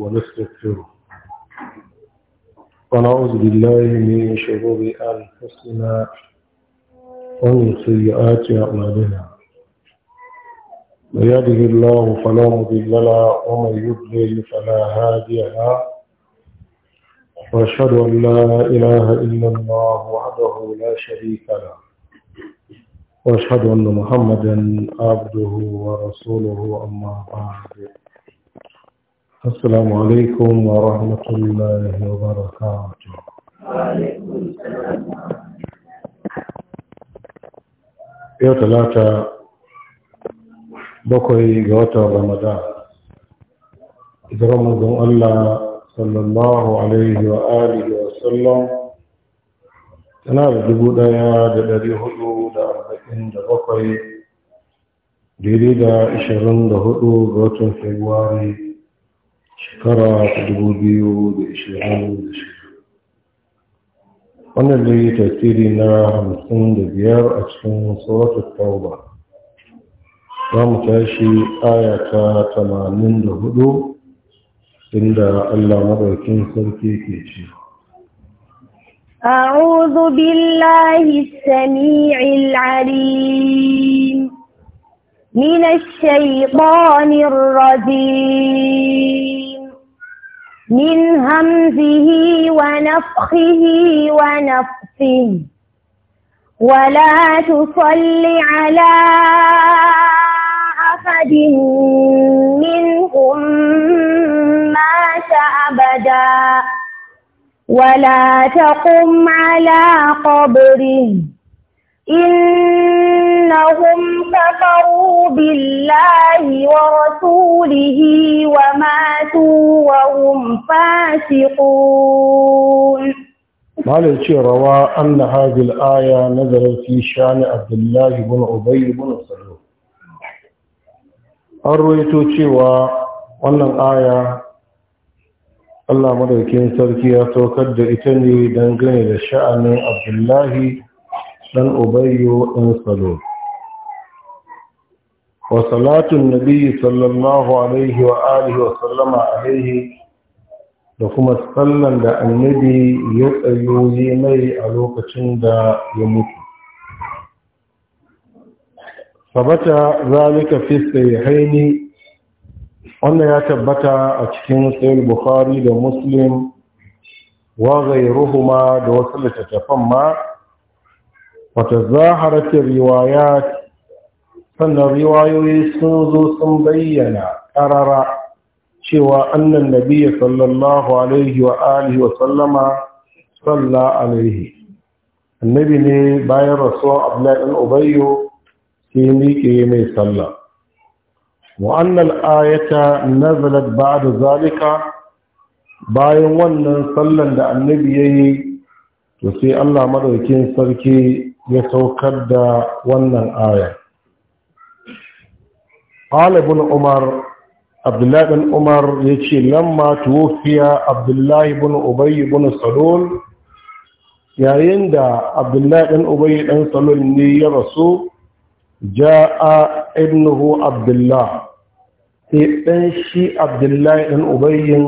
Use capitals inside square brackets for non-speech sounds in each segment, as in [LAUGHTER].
ونستغفره ونعوذ بالله من شرور أنفسنا ومن سيئات أعمالنا من يهده الله فلا مضل له ومن يضلل فلا هادي له واشهد ان لا اله الا الله وحده لا شريك له واشهد ان محمدا عبده ورسوله اما بعد السلام عليكم ورحمة الله وبركاته وعليكم السلام talata bakwai ga watan ramadan ramadan allah sallallahu tana da dubu daya da dari hudu da arba'in da bakwai daidai da da hudu ga watan februari shekara ta dubu biyu da ishirin da shida wannan da yi na hamsin da biyar a cikin tsoratar tauba za mu tashi ayata ta tamanin da hudu inda allah maɗaukin sarki ke cewa أعوذ بالله السميع العليم من الشيطان الرجيم من همزه ونفخه ونفثه ولا تصل على أحد منهم مات أبدا ولا تقم على قبره إن أنهم كفروا بالله ورسوله وماتوا وهم فاسقون مالك روى أن هذه الآية نزلت في شان عبد الله بن أبي بن سلول an roito cewa wannan aya Allah madaukin sarki ya saukar da ita ne dangane da sha'anin Abdullahi dan Ubayyo dan Salo وصلاة النبي صلى الله عليه وآله وسلم عليه da kuma sallan da annabi ya tsayo yi mai a lokacin da ya mutu. Sabata zalika fi sahihaini wannan ya tabbata a cikin sahih Bukhari da Muslim wa ghayruhuma da wasu littattafan ma wata za zaharat riwayat sannan riwayoyi sun zo sun bayyana ƙarara cewa annan nabiya sallallahu alaihi wa alihi wa sallama salla alaihi annabi ne bayan rasuwa abdullahi ubayyo sai miƙe mai salla wa'annan ayata nazalat ba'da zalika bayan wannan sallan da annabi ya yi to sai allah madaukin sarki ya saukar da wannan ayar ƙalibin umar abdullahi bin umar ya ce lamma tuwofiya abdullahi bin ubayi bin salon yayin da abdullahi bin ubayi ɗan salon ne ya rasu ja a ibnuhu abdullahi sai ɗan shi abdullahi ɗan ubayyin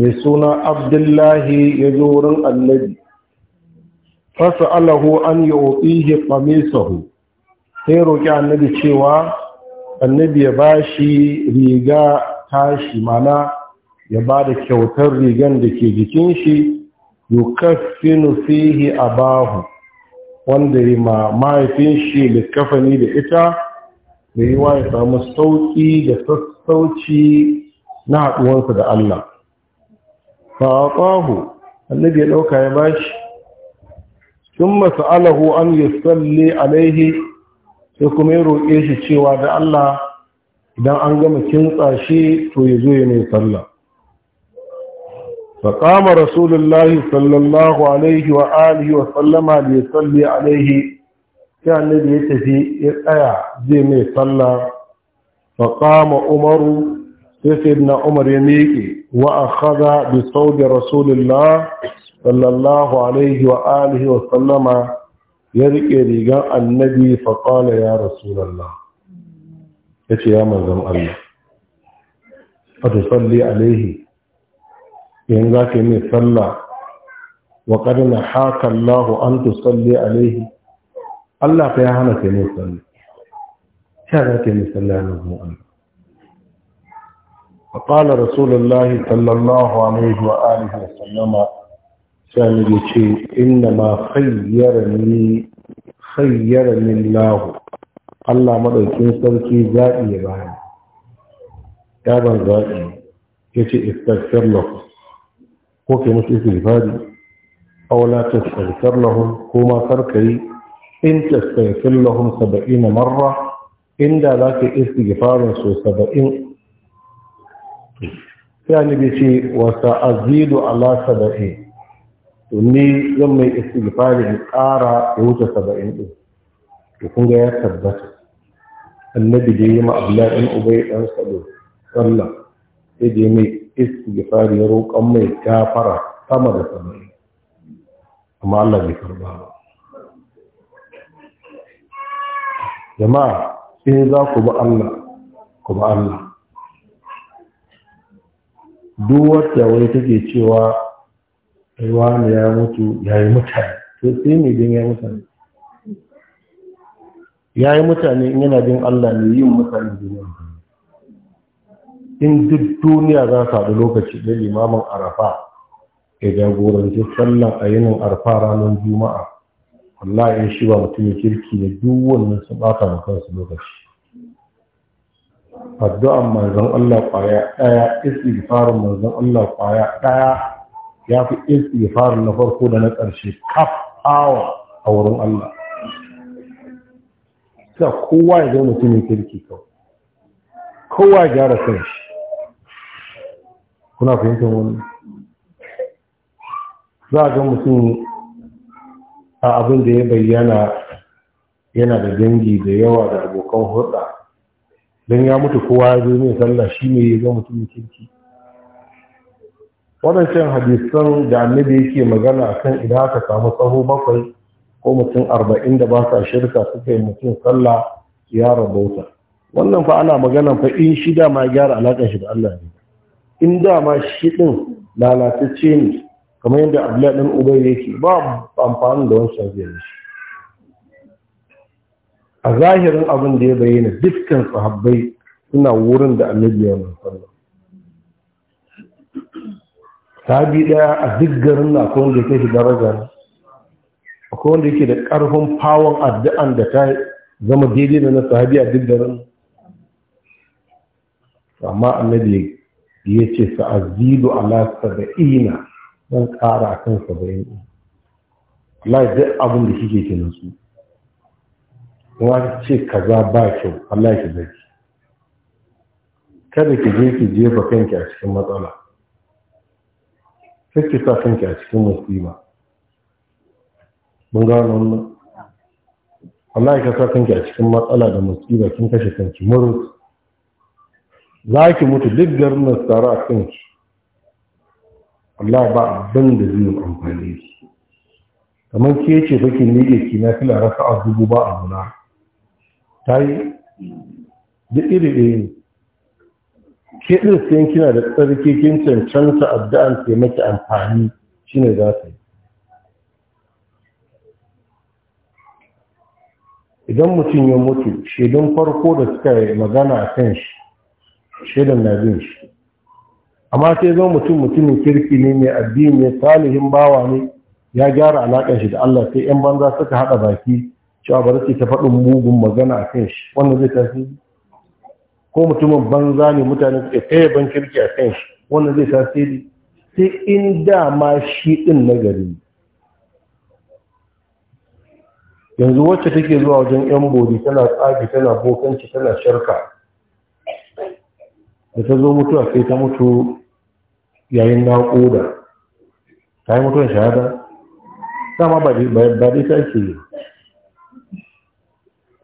mai suna abdullahi ya zo wurin annabi fasa alahu an yi ofihe ƙamisahu sai roƙi annabi cewa annabi ya bashi riga tashi mana ya ba da kyautar rigan da ke jikin shi yukaffinu fihi abahu wanda ya ma mahaifin shi likafani da ita da yi wa ya samu sauƙi da sassauci na haɗuwansa da Allah fa'aqahu annabi ya ɗauka ya bashi sun masu alahu an yi tsalle alaihi sai kuma ya roƙe shi cewa da Allah idan an gama kintsa shi to ya zo ya mai sallah فقام رسول الله صلى الله عليه وآله وسلم ليصلي عليه كان الذي يتفي الآية زي ما صلى فقام عمر سيدنا عمر يميكي وأخذ بصوت رسول الله صلى الله عليه wa وسلم ya riƙe rigar annabi faƙala ya rasulallah ya ce ya manzan Allah a tusalli alaihi yin za ka yi mai tsalla wa ƙarina haka Allah an tusalli alaihi Allah ka ya hana ka yi mai tsalla ya za ka yi mai tsalla ya nazin Allah faƙala rasulallah sallallahu alaihi wa alihi wa sallama sani ya ce inda ma khayyarani khayyarani lahu Allah maɗaukin sarki zaɓi ya bayan ya ban zaɓi ya ce istaghfir lahu ko ke musu A aw la tastaghfir lahum ko ma karkai in tastaghfir saba'i na marra inda za ka zaka farin su saba'in yani bi ce wasa azidu ala saba'in to ni zan mai istighfari in ƙara ya wuce saba'in ɗin to kun ga ya tabbata annabi da yi ma abdullahi ɗan ubai ɗan salo sallah sai je mai istighfari ya roƙon mai gafara sama da saba'in amma Allah bai karba ba jama'a in za ku bi Allah ku bi Allah duk wacce wani take cewa ne ya mutu ya yi mutane to sai mai din ya mutane ya yi mutane in yana bin Allah ne yin mutane duniya in duk duniya za su haɗu lokaci da limamin arafa ya jagoranci sallan a yinin arafa ranar juma'a wallahi in shi ba mutumin kirki ne duk wannan su ɓata ma kansu lokaci addu'an manzon Allah ƙwaya, ɗaya istighfarin manzon Allah ƙwaya, ɗaya ya fi istighfar na farko da na ƙarshe kaf a wurin Allah ta kowa ya zama mutumin kirki kawai kowa ya gyara shi? kuna fahimtar wani za a ga mutum a abin da ya bayyana yana da dangi da yawa da abokan hulɗa don ya mutu kowa ya zo mai sallah shi ne ya zama mutumin kirki waɗancan hadisan da annabi yake magana kan idan aka samu tsaho bakwai ko mutum arba'in da ba sa shirka suka yi mutum sallah ya rabauta wannan fa ana magana fa in shi ma ya gyara alaƙa shi da Allah ne in da ma shi ɗin lalatacce ne kamar yadda abdullahi ɗan ubai yake ba amfani da wancan zai shi a zahirin abin da ya bayyana dukkan sahabbai suna wurin da annabi ya sallah sahabi daya a duk garin na akwai wanda yake shi daraja akwai wanda yake da karfin fawon addu'an da ta zama daidai da na sahabi a duk garin amma annabi ya ce sa'azidu ala saba'ina zan ƙara akan saba'in Allah ya duk abin da kike ke nasu wa ce kaza ba kyau Allah ya ki zaki kada ki je ki jefa kanki a cikin matsala sai sa kanki a cikin musiba mun ga wannan Allah ka sa kanki a cikin matsala da musiba kin kashe kanki murus za ki mutu duk garin nan tsara a kanki Allah ba abin da zai amfani shi. kamar ke ce baki ki miƙe ki na fila rasa a dubu ba a muna ta yi duk iri ɗaya ke ɗin kina da tsarki kin cancanta addu'an sai maki amfani shine za su yi idan mutum ya mutu shaidun farko da suka yi magana a kan shi shaidan na bin shi amma sai zo mutum mutumin kirki ne mai addini ne salihin bawa ne ya gyara alaƙar shi da Allah sai 'yan banza suka haɗa baki cewa ba su ta faɗin mugun magana a kan shi wannan zai tafi ko mutumin banza ne mutane suke kai ban kirki a kan shi wannan zai tasiri sai in dama shi din na gari yanzu wacce take zuwa wajen yan bodi tana tsagi tana bokanci tana sharka da ta zo mutuwa sai ta mutu yayin naƙuda ta yi mutuwan shahada ma ba dai ta ke yi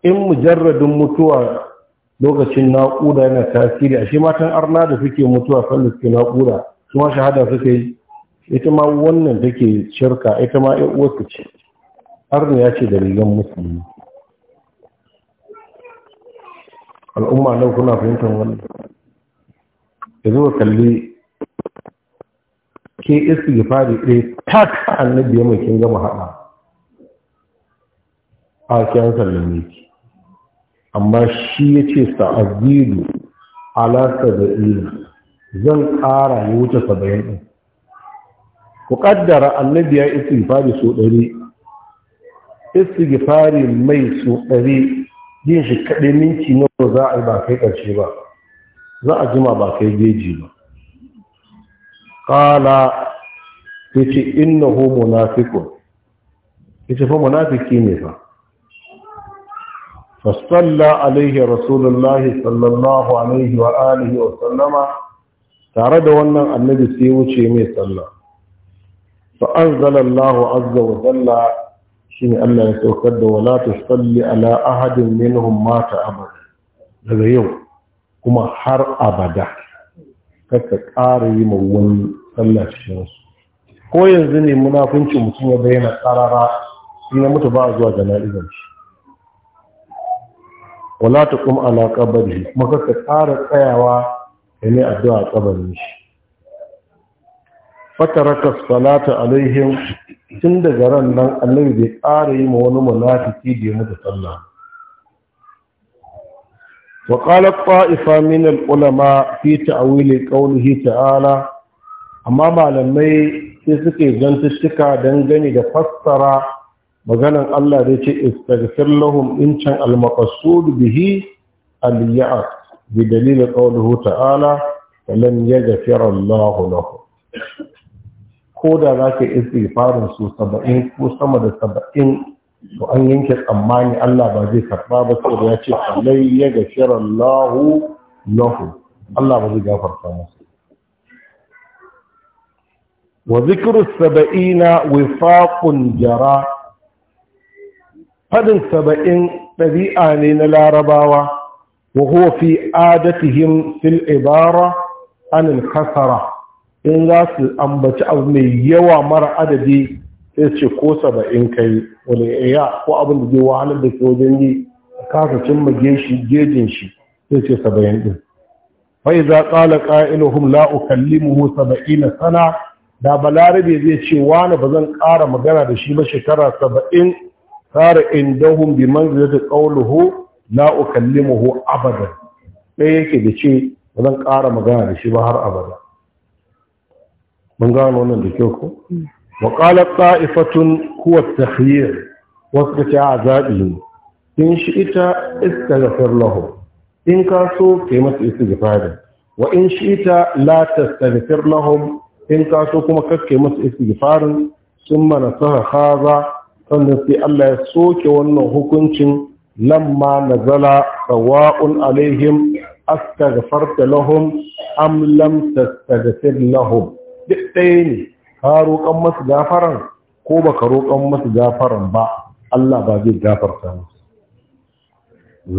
in mujarradin mutuwa lokacin naƙuda yana tasiri a shi matan arna da suke mutuwa sanda suke naƙuda su ma shahada suka yi ita ma wannan take shirka ita ma ya uwarka ce arna ya ce da rigan musulmi al'umma nan kuna fahimtar wannan da zuwa kalli ke fari ɗaya ta ka annabi ya mai kin gama haɗa a kiyan sallame ki amma shi ya ce alaƙa da ina, zan ƙara ya wuce saba'in ɗin ku ƙaddara annabi ya gifari so ɗari gifari mai so ɗari yin shi kaɗai minti nawa za a yi ba kai ƙarshe ba za a jima ba kai geji ba ƙala ta ce innahu munafiqun ya ce fa fi ne fa فصلى عليه رسول الله صلى الله عليه وآله وسلم tare da wannan annabi sai wuce mai sallah fa anzala Allahu azza wa jalla shine Allah ya saukar da wala tusalli ala ahadin minhum mata daga yau kuma har abada kaka ƙara yi ma wani sallah cikin su ko yanzu ne munafincin mutum ya bayyana tsarara in ya mutu ba zuwa jana'izar shi wala ta kuma ala kuma ka ƙara tsayawa da ne addu'a kabarin shi fataraka salata alaihim tun daga ran nan annabi bai ƙara yi ma wani munafiki da ya mutu sallah wa qala ta'ifa min ulama fi ta'wil qawlihi ta'ala amma malamai sai suke zantuttuka gani da fassara maganan Allah da ce istaghfir lahum in can al-maqsud bihi al-ya'a bi dalil qawlihi ta'ala falam yaghfir Allah lahu ko da zaka istighfarin su 70 ko sama da 70 to an yanke tsammani Allah ba zai karba ba saboda ya ce falam yaghfir Allah lahu Allah ba zai gafarta masa wa dhikru 70 wifaqun jara' fadin saba'in ɗabi'a ne na larabawa wa huwa fi adatihim fil ibara anil kasara in za su ambaci abu mai yawa mara adadi sai ce ko saba'in kai wani ya ko abin da zai wahalar da ke wajen yi kasa cimma gejin shi sai ce saba'in din fai za tsala ƙa'iluhum la ukallimuhu na sana da balarabe zai ce wani ba zan ƙara magana da shi ba shekara saba'in sara indahum bi manzilati qawluhu la ukallimuhu abadan dai yake da ce zan ƙara magana da shi ba har abada mun gano wannan da kyau ko wa qalat ta'ifatun kuwa at-takhyir wasu ce a zaɓi ne in shi ita iska gafar lahu in ka so kai masa iska gafari wa in shi ita la tastagfir lahum in ka so kuma kakke masa iska gafarin sun mana saha haza sannan sai Allah ya soke wannan hukuncin lamma nazala sawa'un alaihim astaghfarta lahum am lam tastaghfir lahum duk ɗaya ne ka roƙan masu gafaran ko baka roƙan masu gafaran ba Allah ba zai gafarta musu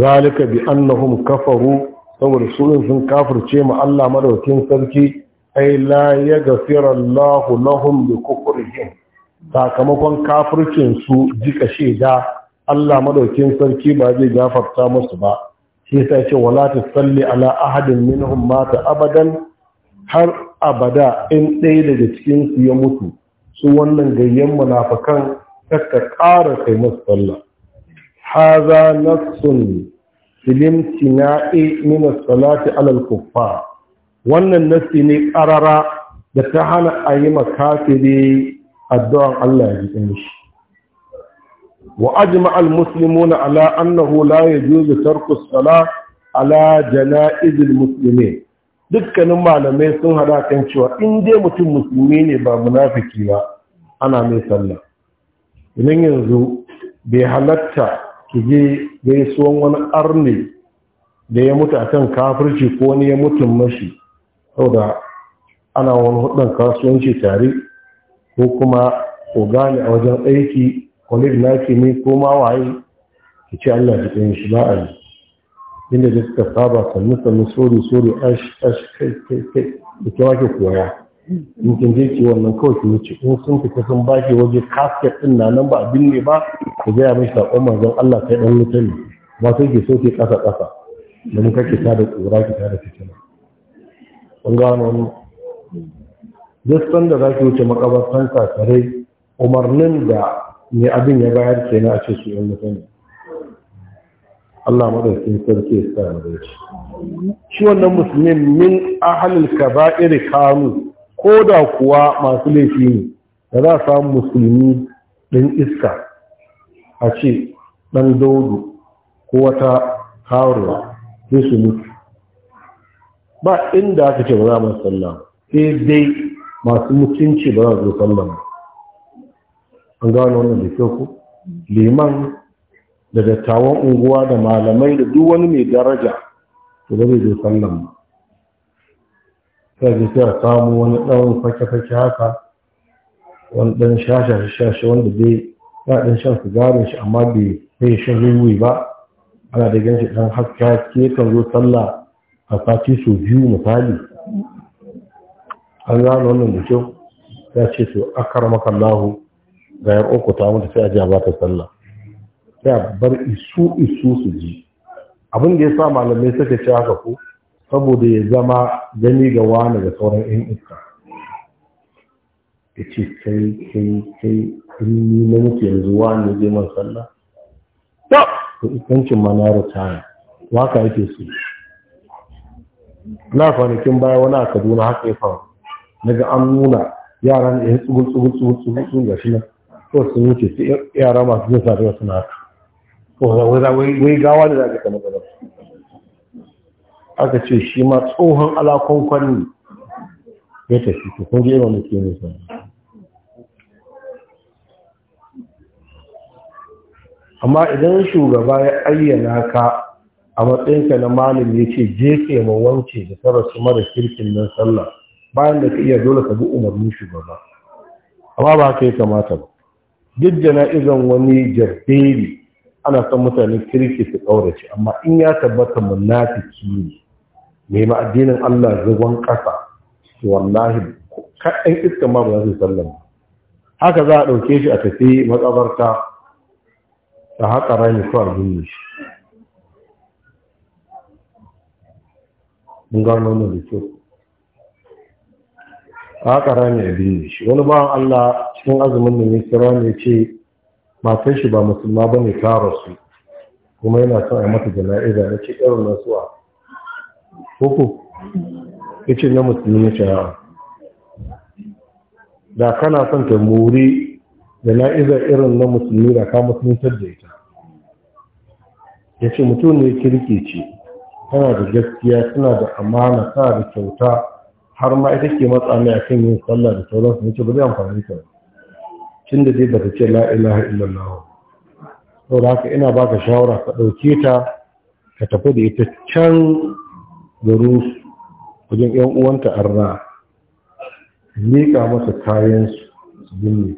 zalika bi annahum kafaru saboda su sun kafirce ma Allah madaukin sarki ay la Allahu lahum bi kufrihim sakamakon kafircin su jiƙa shaida Allah madaukin sarki ba zai gafarta musu ba shi sai ce wala salli ala ahadin minhum mata abadan har abada in ɗaya daga cikin su ya mutu su wannan gayyan munafikan kakka ƙara kai musu sallah haza nassun tinai min salati alal kuffar wannan nasi ne ƙarara da ta hana ayi makafiri addu'an Allah ya jikin shi wa ajma al muslimuna ala annahu la yajuzu tarku Sala, ala janaiz al muslimin dukkanin malamai sun hada kan cewa in dai mutum musulmi ne ba munafiki ba ana mai sallah idan yanzu bai halatta ki je gaisuwan wani arne da ya mutu a kan kafirci ko ne ya mutum mashi saboda ana wani hudun kasuwanci tare ko kuma ogani a wajen aiki na ke ne ko ma waye ki ce Allah ki ɗin shi ba'a yi inda da suka saba sannu sannu sori sori ash ash kai kai kai da ke wake koya in kin je ki wannan kawai ki wuce in sun fita sun baki waje kasket ɗin na nan ba a binne ba ku gaya mai saƙon manzon Allah kai ɗan mutane ba sai so soke ƙasa ƙasa domin kake ta da tsora ki ta da fitina. Kun gano duk sanda za wuce makabartan kasarai umarnin da mai abin ya bayar ke na a ce su yin mutane Allah maɗaukin sarki ya sa da shi shi wannan musulmin min ahalil kaba'ir kanu ko da kuwa masu laifi ne da za a samu musulmi ɗin iska a ce ɗan daudu ko wata karuwa sai su mutu ba inda aka ce ba za mu sallah sai dai masu mutunci ba za sallan ba an gano wannan da kyau ku liman da dattawan unguwa da malamai da duk wani mai daraja to ba zai zo sallan ba kai zai sai a samu wani ɗan fake-fake haka wani ɗan shashe-shashe wanda zai ya ɗan shan sigarin shi amma bai sai shan wiwi ba ana da ganshi ɗan haska ke kan zo sallah a sati sau biyu misali an gano wannan da ya ce su akar maka lahu ga yar uku ta mutu sai a ji a ba ta sallah sai a bar isu isu su ji abin da ya sa malamai suka ci haka ko saboda ya zama gani ga wani ga sauran yan iska ya ce kai kai kai in ni na muke yanzu wani zai man sallah to iskancin ma na ritaya waka yake su na kwanakin baya wani a kaduna haka ya faru daga an nuna yara ne ya eh, tsugun tsugun tsugun tsugun tsugun gashi shi nan sun wuce sai yara masu yin sarewa suna haka ko wai gawa da za ka kama gaba aka ce shi ma tsohon alakon kwanni ya tafi to kun ji irin mutum ke sana amma idan shugaba ya ayyana ka a matsayinka na malam ya ce je ke mawance da tara su mara kirkin nan sallah bayan da ka iya dole ka bi umarnin shugaba amma ba ka yi kamata ba duk da wani jarberi ana son mutane kirki su ƙaurace amma in ya tabbata munafiki ne mai ma'adinin Allah zagon ƙasa su wallahi kaɗan iska ma ba za su ba haka za a ɗauke shi a tafi matsabarta ta haƙa rani ko a binne shi mun gano da kyau haka rami addini shi wani bawan Allah cikin azumin da ne kira ne ce matar shi ba musulma ba ne ta rasu kuma yana son a mata jana'iza na ce irin nasuwa hukku ya ce na musulmi ya ce da kana son ta muri jana'izar irin na musulmi da ka musuluntar da ita ya ce mutum ne kirki ce tana da gaskiya tana da amana tana da kyauta har ma ita ke matsa mai akan yin sallah da sauransu ce ba zai amfani da ka tun da zai bata ce la'ilaha illallah sau da haka ina baka shawara ka ɗauke ta ka tafi da ita can rus wajen yan uwanta arna miƙa masa kayan su su binne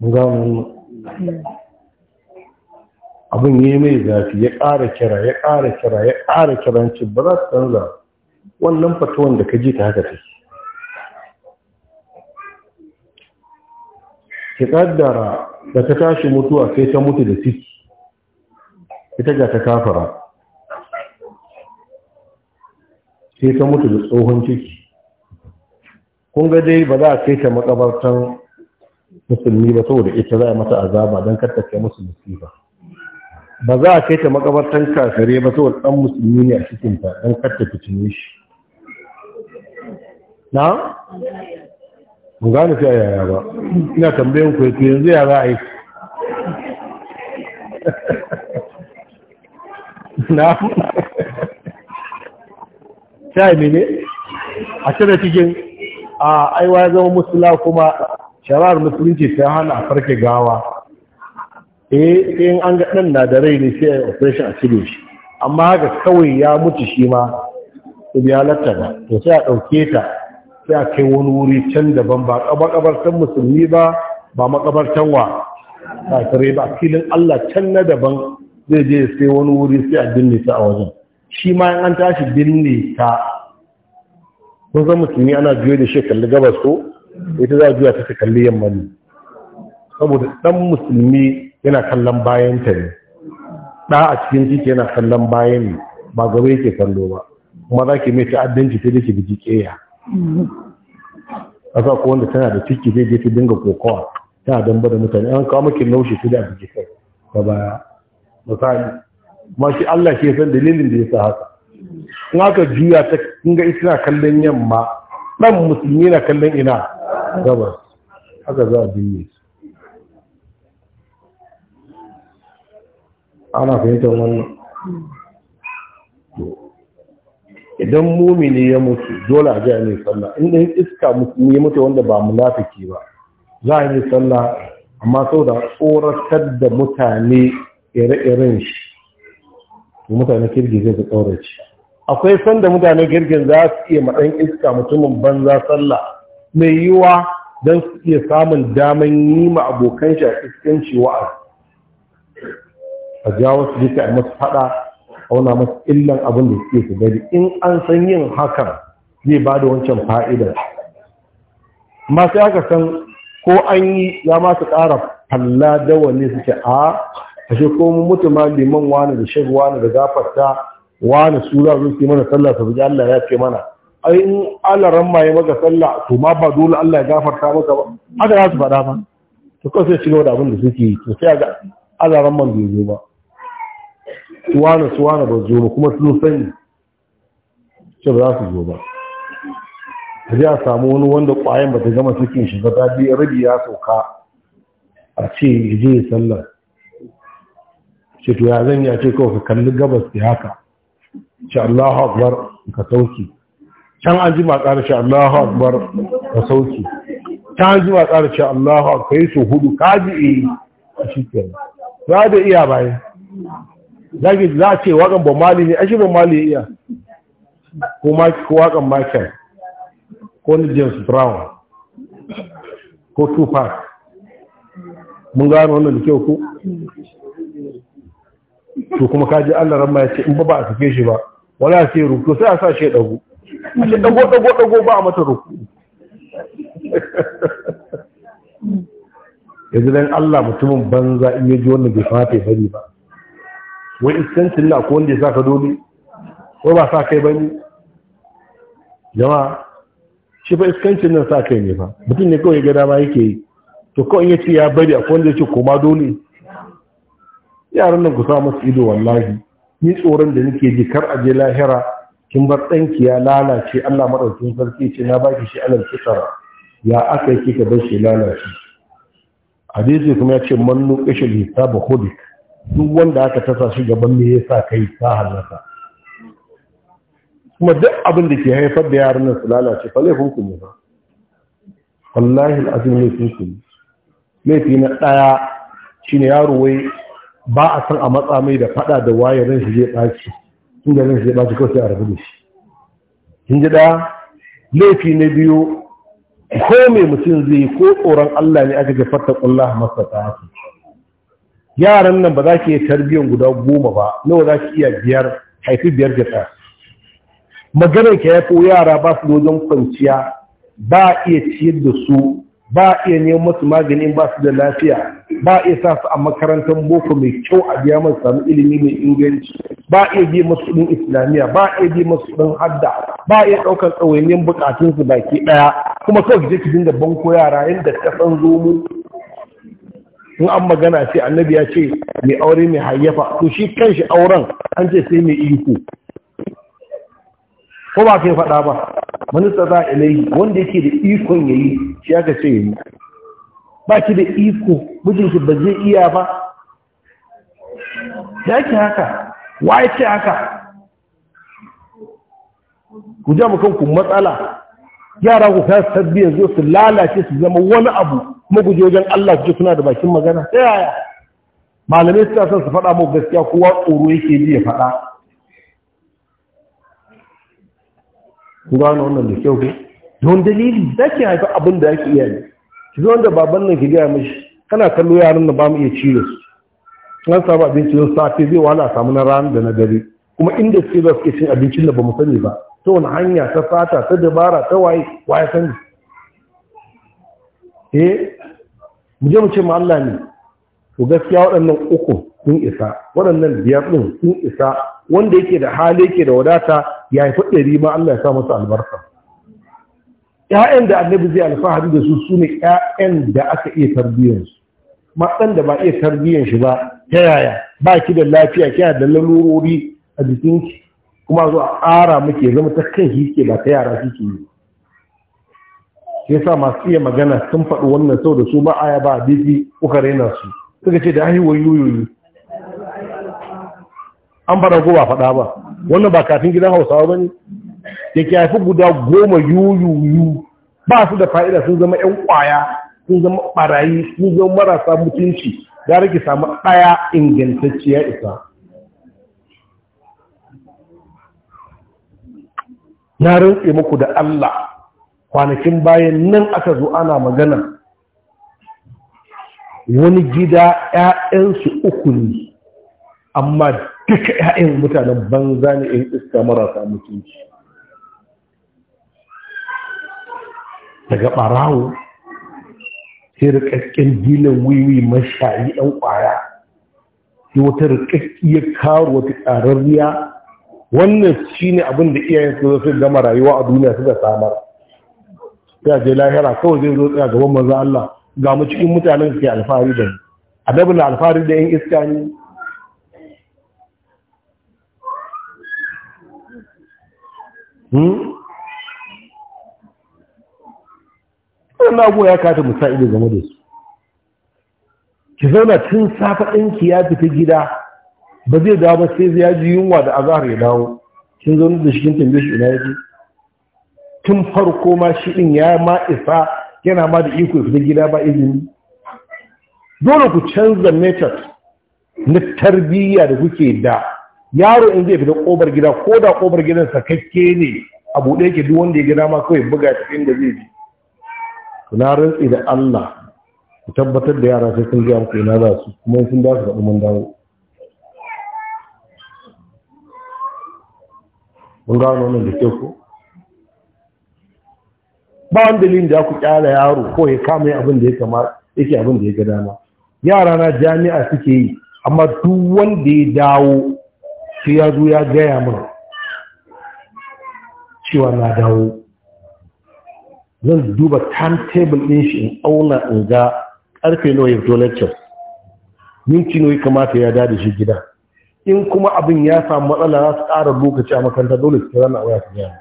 mun abin yi mai zafi ya ƙara kira ya ƙara kira ya ƙara kiranci ba za su canza wannan fatuwan da ka ji ta haka take ki ƙaddara da ta tashi mutuwa sai ta mutu da ciki ita ga ta kafara sai ta mutu da tsohon ciki kun ga dai ba za a kai ta makabartan musulmi ba saboda ita za a mata azaba don kattace musu ba. ba za a kai ta makabartan kafire ba saboda dan musulmi ne a cikin ta dan katta fitine shi na mun gane ta yaya ba ina tambayan ku yanzu ya za a yi na ta me ne a cire cikin a aiwa ya zama musula kuma Sharar musulunci ta hana a farke gawa eh in an ga ɗan na da rai ne sai a yi operation a cire shi amma haka kawai ya mutu shi ma to ya lattaba to sai a ɗauke ta sai a kai wani wuri can daban ba makabartan musulmi ba ba makabartan wa ba tare ba filin Allah can na daban zai je sai wani wuri sai a binne ta a wajen shi ma an tashi binne ta kun san musulmi ana juya da shi kalli gabas ko ita za a juya ta kalli yamma ne saboda ɗan musulmi yana kallon bayanta ne ɗa a cikin ciki yana kallon bayan ne ba gaba yake kallo ba kuma za ki mai ta'addanci sai da ki biji ƙeya a ko wanda tana da ciki zai je ta dinga kokowa tana damba da mutane an kawo maki naushe su da biji kai ta baya misali kuma shi Allah shi ya san dalilin da ya sa haka in aka juya ta kinga ita kallon yamma dan musulmi na kallon ina gabas haka za a binne su ana fahimtar wannan idan mumini ya mutu dole a jami'in sallah inda iska ya mutu wanda ba munafiki ba za a yi sallah amma sau da tsoratar da mutane ire-iren shi mutane kirgin zai tsorace akwai sanda mutane kirgin za su iya matsayin iska mutumin banza sallah mai yiwa don su iya samun daman yi ma abokan shi a iskanci wa'azi a jawo su duka a masu faɗa auna masu illan abin da suke su gari in an san yin hakan zai ba da wancan fa'idar Masu sai aka san ko an yi ya ma su ƙara falla dawani suke a ashe ko mutu ma liman wani da shek wani da gafarta wani sura zo su mana sallah su fi Allah ya ce mana ai in Allah ramma ya maka sallah to ma ba dole Allah ya gafarta maka ba haka za su faɗa ba to kawai sai shiga da abin da suke yi to sai ga Allah ramman bai zo ba suwana suwana ba zo ba kuma sun sani ce ba za su zo ba ta ji a samu wani wanda ƙwayan ba ta gama cikin shi ba ta bi rabi ya sauka a ce ya je ya sallar ce to ya zan ya ce kawai ka kalli gabas ya haka ce Allahu Akbar ka sauki can an ji ba tsara ce Allahu Akbar ka sauki can an ji ba tsara ce Allahu Akbar ka yi su hudu ka ji eh a za da iya bayan zagi za a ce waƙan ba mali ne ashe ba mali ya iya ko waƙan michael ko ni james brown ko tupac mun gano wannan da kyau ko to kuma kaji allah ramma ya ce in ba ba a sake shi ba a ce ruku sai a sa shi dago ashe dago dago dago ba a mata ruku [LAUGHS] yanzu dan allah mutumin banza in ji wannan bai fata bari ba wai iskancin na ko wanda ya sa ka dole ko ba sa kai bane jama'a shi ba iskancin nan sa kai ne ba mutum ne kawai gada ma yake yi to kawai ya ce ya bari a kwanza ce koma dole yaran nan ku sa masu ido wallahi ni tsoron da nake ji kar a je lahira kin bar ɗanki ya lalace Allah madaukakin sarki ce na baki shi alal kisara ya aka yi kika bar shi lalace hadisi kuma ya ce man nuqishil hisaba hudik duk wanda aka tasa shi gaban me yasa kai ta halaka kuma duk abin da ke haifar da yaran nan su lalace fa laifin ku ne ba wallahi alazim sun ku laifi na daya shine yaro wai ba a san a matsa mai da fada da waye ran shi zai baci inda ran shi zai baci sai a rabu da shi kin ji da laifi na biyu ko mai mutum zai ko tsoron Allah ne aka ga ƙulla masa ta'afi yaran nan ba za ki iya tarbiyyar guda goma ba nawa za ki iya biyar haifi biyar da ɗaya maganar ka ya yara ba su wajen kwanciya ba a iya ciyar da su ba a iya neman masu maganin ba su da lafiya ba a iya sa su a makarantar boko mai kyau a biya masu samu ilimi mai inganci ba a iya biya masu ɗin islamiyya ba a iya biya masu ɗin hadda ba a iya ɗaukar bukatun su baki ɗaya kuma kawai je ki dinga banko yara yadda ka san zomo in an magana sai annabi ya ce mai aure mai hayyafa to shi kanshi auren an ce sai mai iko ko ba kai faɗa ba minista za a yi. wanda yake da ikon yayi shi aka ce yayi ba ki da iko mijinki ba zai iya ba ya ke haka wa ya ce haka ku ja mu kan ku matsala yara ku kasa tarbiyyar zo su lalace su zama wani abu kuma wajen Allah su suna da bakin magana ta yaya malamai suna son su faɗa mu gaskiya kowa tsoro yake ji ya faɗa ku gano wannan da kyau ke don dalili za ki haifi abin da ake iya ne ki zo wanda baban nan ki gaya mishi kana kallo yaran nan ba mu iya cire su an samu abinci yau safe zai wala samu na ranar da na dare kuma inda suke za suke cin abincin da ba mu sani ba ta wani hanya ta fata ta dabara ta waye waye sani eh mu je mu ce ma Allah ne to gaskiya waɗannan uku sun isa waɗannan biyar ɗin sun isa wanda yake da hali yake da wadata ya haifi ɗari ma Allah ya sa masa albarka ‘ya'yan da annabi zai alfahari da su su ne ‘ya'yan da aka iya tarbiyyarsu matsan da ba iya tarbiyyar shi ba ta yaya ba ki da lafiya kina da lalurori a jikinki kuma zuwa a ƙara muke zama ta kan shi ke ba ta yara shi ke yi shi yasa masu iya magana sun faɗi wannan sau da su ba aya ba bibi kuka rena su suka ce da haihuwar yoyoyi an fara ko faɗa ba wannan ba kafin gidan hausawa ba ne da ke haifi guda goma yoyoyi ba su da fa'ida sun zama ‘yan ƙwaya sun zama ɓarayi sun zama marasa mutunci ya ki samu ɗaya ingantacciya isa na rantse muku da Allah kwanakin bayan nan aka zo ana magana wani gida 'ya'yansu uku ne amma duka 'ya'yan mutanen banza ne 'yan iska marasa mutunci daga ɓarawo sai rikakken dilan wiwi mashayi ɗan ƙwaya sai wata rikakkiyar karo wata ƙararriya wannan shine abin da iyayen su zai gama rayuwa a duniya suka samar ya je lahira kawai zai zo tsaya gaban manzo Allah ga mu cikin mutanen ke alfahari da annabi na alfahari da yan iska ne hmm wannan ya kata mu sa'ido game da su ki zauna tun safa ɗinki ya fita gida ba zai dawo ba sai ya ji yunwa da azahar ya dawo kin zaune da shi kin tambaye shi ina yake tun farko ma shi ɗin ya ma isa yana ma da iko fita gida ba izini dole ku canza method na tarbiyya da kuke da yaro in zai fi da kobar gida ko da kobar gidan sakakke ne a buɗe yake duk wanda ya gida ma kawai buga cikin da zai bi na rantsi da Allah ku tabbatar da yara sai sun gaya muku ina za su kuma sun su da mun dawo mun gano wannan da ke ku ba wanda lin da ku kyara yaro ko ya kama abin da ya kama yake abin da ya ga dama yara na jami'a suke yi amma duk wanda ya dawo shi ya zo ya gaya min cewa na dawo zan duba timetable ɗin shi in auna in ga ƙarfe nawa ya fito lecture minti nawa kamata ya dade shi gida in kuma abin ya samu matsala za su ƙara lokaci a makaranta dole su kira na waya su gaya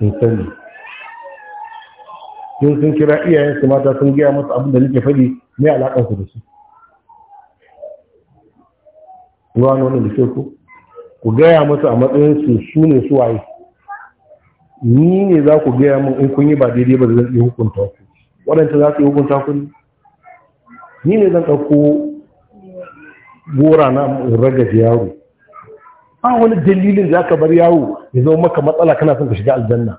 in sani sun sun kira iyayensu mata sun gaya musu abin da nake faɗi mai alaƙar su da su na wani da ku ku gaya musu a matsayin su su ne su waye ni ne za ku gaya min in kun yi ba daidai ba zan iya hukunta ku waɗanda za su yi hukunta ku ne? ni ne zan ɗauko gora na ragaje yaro ba wani dalilin da aka bar yawo ya zama maka matsala kana son ka shiga aljanna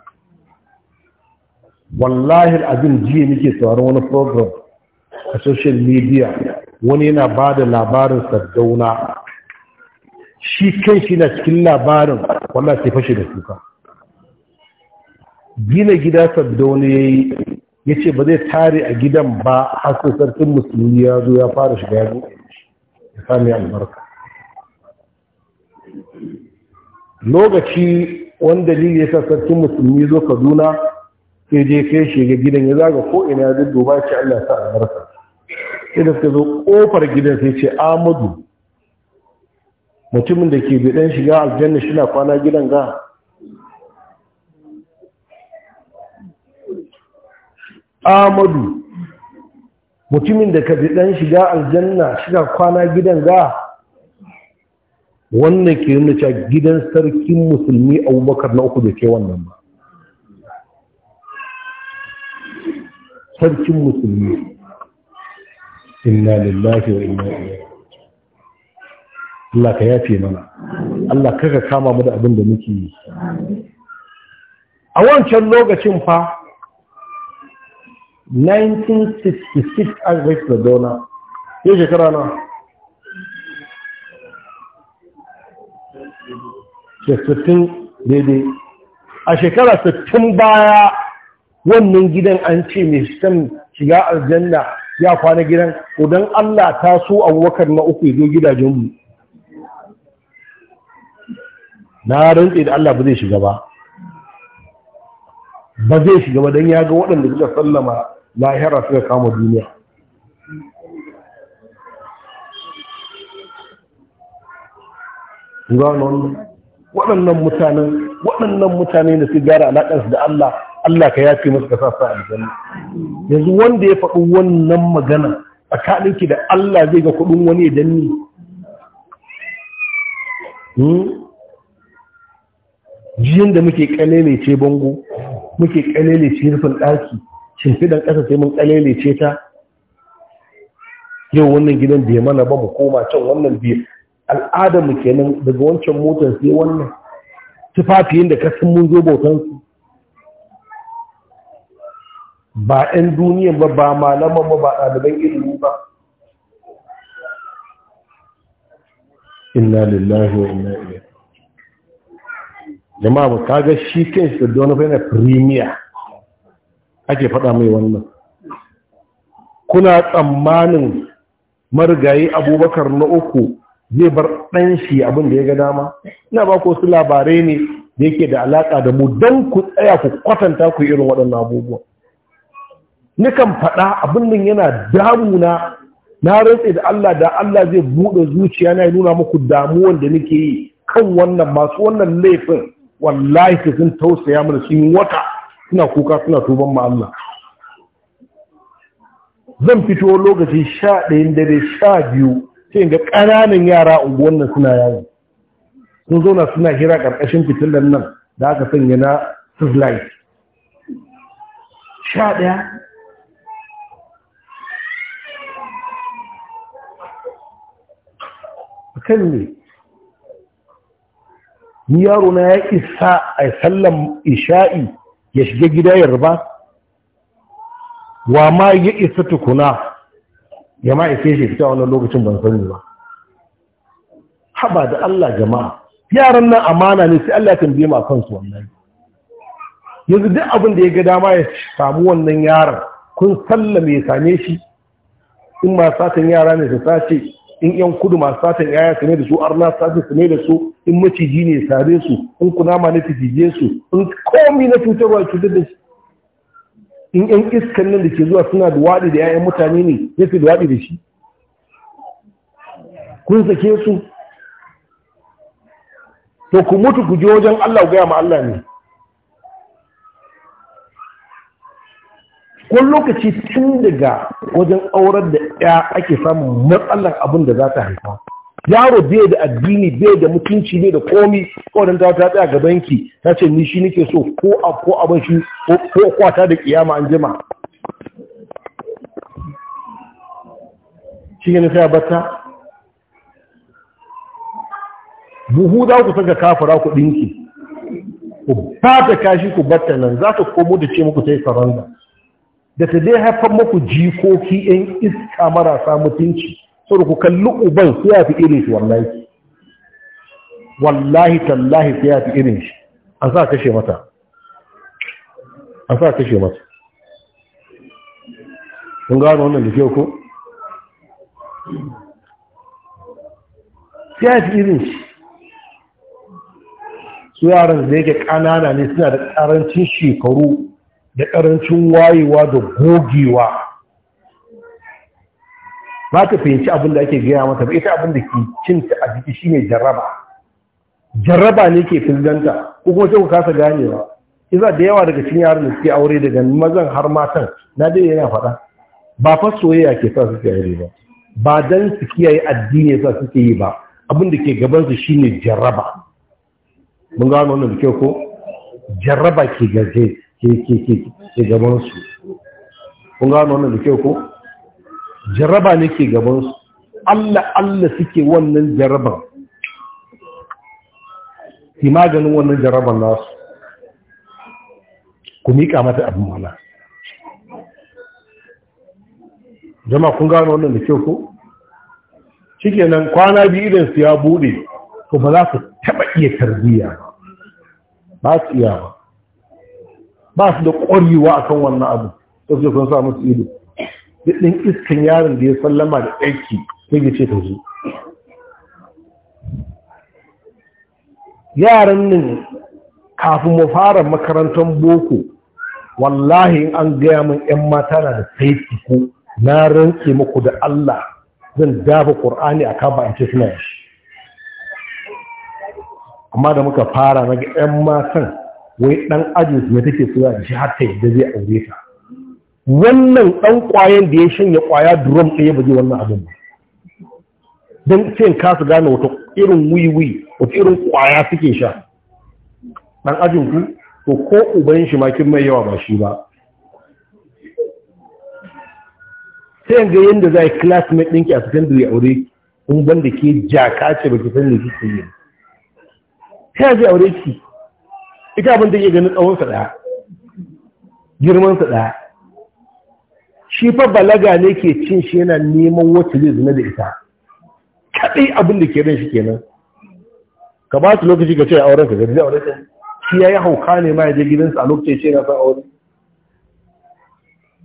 wallahi abin jiya nake sauraron wani program a social media wani yana ba da labarin sardauna shi kai shi na cikin labarin wanda ke fashe da suka gina gida sardauna ya yi ya ce ba zai tare a gidan ba haske sarkin musulmi ya zo ya fara shiga ya ya sami albarka lokaci wanda dalili ya sa sarkin musulmi zo kaduna sai je kai shi ga gidan ya zaga ko ina ya duba ya Allah Allah sa albarka sai da suka zo kofar gidan sai ce Amadu mutumin da ke bidan shiga aljanna shi na kwana gidan ga Amadu mutumin da ka bidan shiga aljanna shi na kwana gidan ga wannan ke nuna cewa gidan sarkin musulmi Abubakar na uku da ke wannan ba sarkin musulmi inna lillahi wa inna ilaihi Allah ka yafe mana Allah kaga kama mu da abin da muke yi a wancan lokacin fa 1966 an rai da dona yau shekara na shekara 60 daidai a shekara 60 baya wannan gidan an ce mai san shiga aljanna ya kwana gidan ko dan Allah ta so abubakar na uku ya zo gidajenmu na rantse da Allah ba zai shiga ba ba zai shiga ba don ya ga waɗanda suka sallama lahira suka kama duniya waɗannan mutanen waɗannan mutane da su gara alaƙarsu da Allah Allah ka yafe musu ka sasa aljanna yanzu wanda ya faɗi wannan magana a tsakaninki da Allah zai ga kuɗin wani ya ni hmm? jiyan da muke ƙalele ce bango muke ƙalele ce rufin ɗaki shimfiɗan ƙasa sai mun ƙalele ce ta yau wannan gidan bai mana ba mu koma can wannan bai al'adar mu kenan daga wancan motar sai wannan tufafiyin da kasan mun zo bautansu. ba 'yan duniya ba ba malaman ba ba ɗaliban ilimi ba inna lillahi wa inna ilaihi jama'a ba kaga shi kanshi da donovan na premier ake faɗa mai wannan kuna tsammanin marigayi abubakar na uku zai bar ɗan shi abin da ya ga dama ina ba ku wasu labarai ne da yake da alaƙa da mu don ku tsaya ku kwatanta ku irin waɗannan abubuwa nukan faɗa abin nan yana damuna na rantse da Allah da Allah zai buɗe zuciya na nuna muku damuwan da nake yi kan wannan masu wannan laifin wallahi sun tausaya mana sun yi wata suna kuka suna tuban ma Allah zan fito lokaci sha ɗayan dare sha biyu sai ga ƙananan yara unguwan nan suna yawo sun zauna suna hira ƙarƙashin fitilan nan da aka sanya na sislight sha ɗaya kan ne ni yaro na ya isa a sallan isha'i ya shiga gida ya wa ma ya isa tukuna ya ma isa shi fita wani lokacin ban sani ba haba da Allah jama'a yaran nan amana ne sai Allah ya tambaye mu akan su yanzu duk abin da ya ga dama ya samu wannan yaran kun sallame ya same shi in ma satan yara ne su sace in yan kudu masu satan yaya su ne da su arna satan su ne da su in maciji ne sare su in kunama na cije su in komi na cutarwa ya cutar da shi in yan iskan nan da ke zuwa suna da waɗi da yayan mutane ne ya fi da waɗi da shi kun sake su to ku mutu ku je wajen Allah gaya ma Allah ne wani lokaci tun daga wajen aurar da ya ake samun matsalar abin da za ta haifa yaro bai da addini bai da mutunci bai da komi kodan ta ta tsaya gaban ki ta ce ni shi nake so ko a ko abin shi ko kwata da kiyama an jima shi ne sai bata buhu za ku saka kafara ku dinki ku ba ta kashi ku batta nan za ta komo da ce muku sai saranda da ta dai haifar muku jikoki ‘yan iska marasa mutunci sau ku kalli uban su ya fi irin shi wallahi wallahi tallahi su ya fi irin shi an sa kashe mata an sa kashe mata sun gano wannan da kyau ko? ya fi irin shi su yaran da yake ƙanana ne suna da ƙarancin shekaru da ƙarancin wayewa da gogewa ba ta fahimci abin da ake gaya mata ba ita abin da ke cinta a jiki shine jaraba. Jaraba ne ke filganta ko kuma sai ku kasa ganewa iza da yawa daga cikin yaran da suke aure daga mazan har matan na dai yana faɗa ba fa soyayya ke sa suke aure ba ba dan su kiyaye addini sa suke yi ba abin da ke gaban su shine jaraba. mun gano wannan da kyau ko jaraba ke gaje ke gabansu kun gano wannan da kyau ko jaraba ne ke gabansu allah allah suke wannan jaraban ki maganin wannan jaraban nasu ku miƙa mata abin mana, jama kun gano wannan da kyau ko shikenan kwana biyu idan su ya bude to ba za su taba iya tarbiyya ba su iya ba ba su da ƙwarewa a kan wannan abu ta su sun sa musu ido ɗin iskan yaron da ya sallama da ɗanki sai ce ta zo yaran nan kafin mu fara makarantar boko wallahi in an gaya min 'yan mata na da saifi ko na rantse muku da Allah zan dafa ƙur'ani a kaba in ce suna yashi amma da muka fara na ga 'yan matan wai dan ajin su ne take so ya ji ta yadda zai aure ta wannan dan kwayan da ya shanya kwaya drum ɗaya ya zai wannan abin ba don ka su gane wata irin wiwi wata irin kwaya suke sha dan ajin ku to ko uban shi makin mai yawa ba shi ba sai yanga yadda za a yi classmate ɗinki a secondary aure in banda ke jaka ce ba ki san ne kike yi sai a je aure ki ita abin da ke ganin tsawonsa ɗaya girmansa ɗaya shi fa balaga ne ke cin shi yana neman wacce zai zina da ita kaɗai abin da ke ran shi kenan ka ba su lokaci ka ce a auren ka ga zai auren shi ya yi hauka ne ma ya je gidansa a lokacin ce na san aure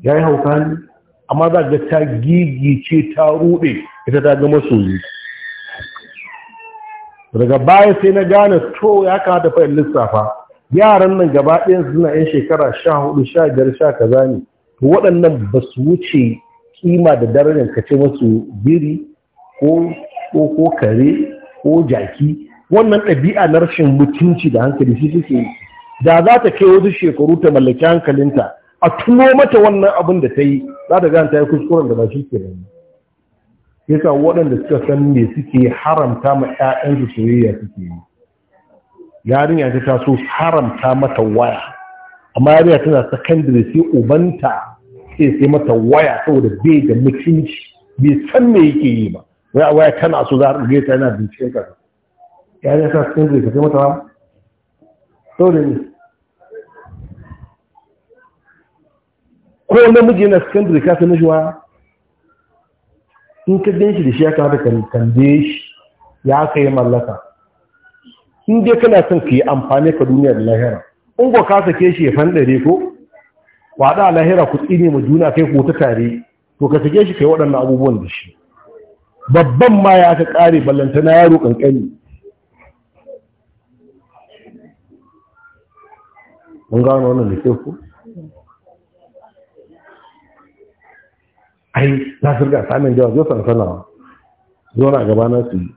ya yi hauka ne amma za ga ta gigice ta ruɗe ita ta ga masoyi daga baya sai na gane to ya kamata fa lissafa yaran nan gaba ɗaya suna yan shekara sha hudu sha biyar sha kaza ne to waɗannan ba su wuce kima da darajar kace masu biri ko kare ko jaki wannan ɗabi'a na rashin mutunci da hankali shi suke yi da za ta kai wasu shekaru ta mallaki hankalinta a tuno mata wannan abin da ta yi za ta gane ta yi kuskuren da ba shi ke nan yasa waɗanda suka san me suke haramta ma 'ya'yansu soyayya suke yi yarinya ta taso haramta mata waya amma yarinya tana secondary sai ubanta sai sai mata waya saboda bai da mutunci bai san me yake yi ba waya waya tana so za a rage ta yana binciken ka yarinya ta secondary ka sai mata waya saboda ne ko namiji yana secondary ka sai mishi waya in ka gan shi da shi ya kamata kan tambaye shi ya kai mallaka in dai kana son ka yi amfani ka duniya da lahira in ba ka sake shi ya fandare ko Kwada lahira ku tsine mu juna kai ku ta tare to ka sake shi kai waɗannan abubuwan da shi babban ma ya ka kare ballanta na yaro kankani mun gano wannan da kyau ko ai na surga samin jawa zo san zo na gaba na su yi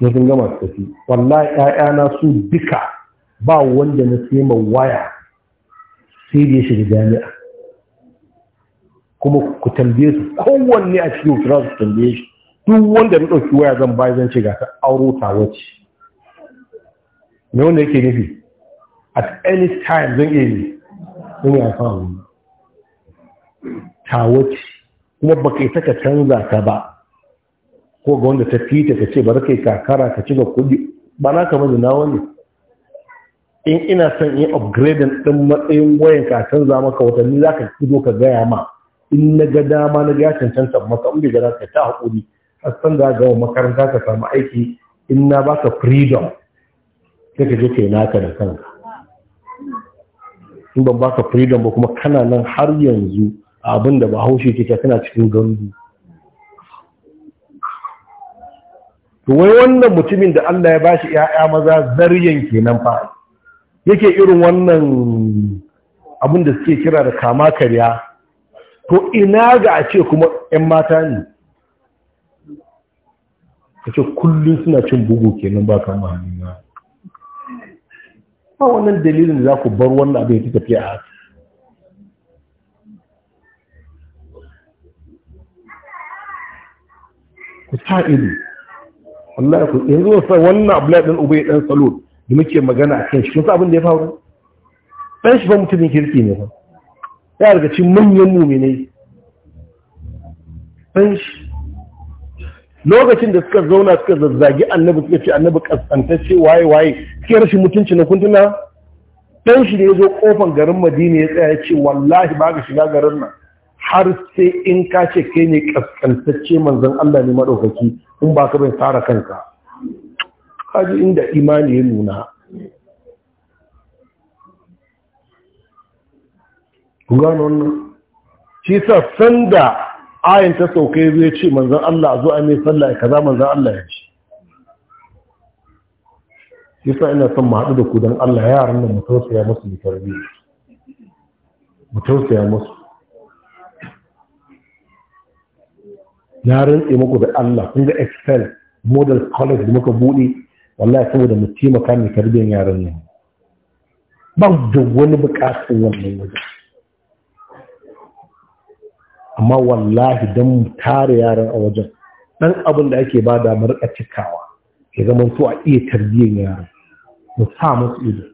ya sun gama su tafi wallahi ƴaƴana su duka ba wanda na sai ma waya sai da ya shiga jami'a kuma ku tambaye su kowanne a cikin kira su tambaye shi duk wanda na ɗauki waya zan bayi zan ce ga ta auro ta wace me wanda yake nufi at any time zan iya yi zan yi wani ta wace kuma baka kai ka canza ta ba ko ga wanda ta fita ka ce bari kai kakara ka ci ga kudi ba na kama na wani in ina son yin upgrading din matsayin wayan ka canza maka watanni za ka kido ka gaya ma in na ga dama na ga cancanta maka in bai ga ka ta haƙuri har san a ga makaranta ka samu aiki in na baka freedom sai ka je kai naka da kanka in ban baka freedom ba kuma kana nan har yanzu abin da bahaushe ke kana cikin gandu to wai wannan mutumin da Allah ya ba shi 'ya'ya maza zaryan kenan fa yake irin wannan abin da suke kira da kama karya to ina ga a ce kuma 'yan mata ne ce kullum suna cin bugu kenan ba kama hannu ba wannan dalilin da za ku bar wannan abin ya tafiya a haka ku sa ido wallahi ku yanzu wasa wannan Abdullahi dan Ubay dan Salul da muke magana a kan shi kun abin da ya faru dan shi ba mutumin kirki ne ba ya daga cin manyan mu'minai dan shi lokacin da suka zauna suka zazzagi annabi suka ce annabi kasantacce waye waye suke rashin mutunci na kuntuna dan shi da ya zo kofan garin Madina ya tsaya ya ce wallahi ba ga shiga garin nan har sai in ka ce kai ne kaskantacce manzan Allah ne maɗaukaki, in ba ka bai tsara kanka kaji inda imani ya nuna gano wannan shi sa sanda ayin ta sauke zai ce manzan Allah zuwa a mai sallah kaza manzan Allah ya ce shi sa ina son mu haɗu da ku don Allah yaran nan mu tausaya musu mu tarbiyya mu tausaya musu na rantse muku da Allah kun ga excel model college da muka buɗe. wallahi saboda mu taimaka kan tarbiyyar yaran nan ba da wani bukatun wannan waje amma wallahi dan mu tare yaran a wajen dan abin da ake ba da marka cikawa ya zama to a iya tarbiyyar yaran mu sa musu ido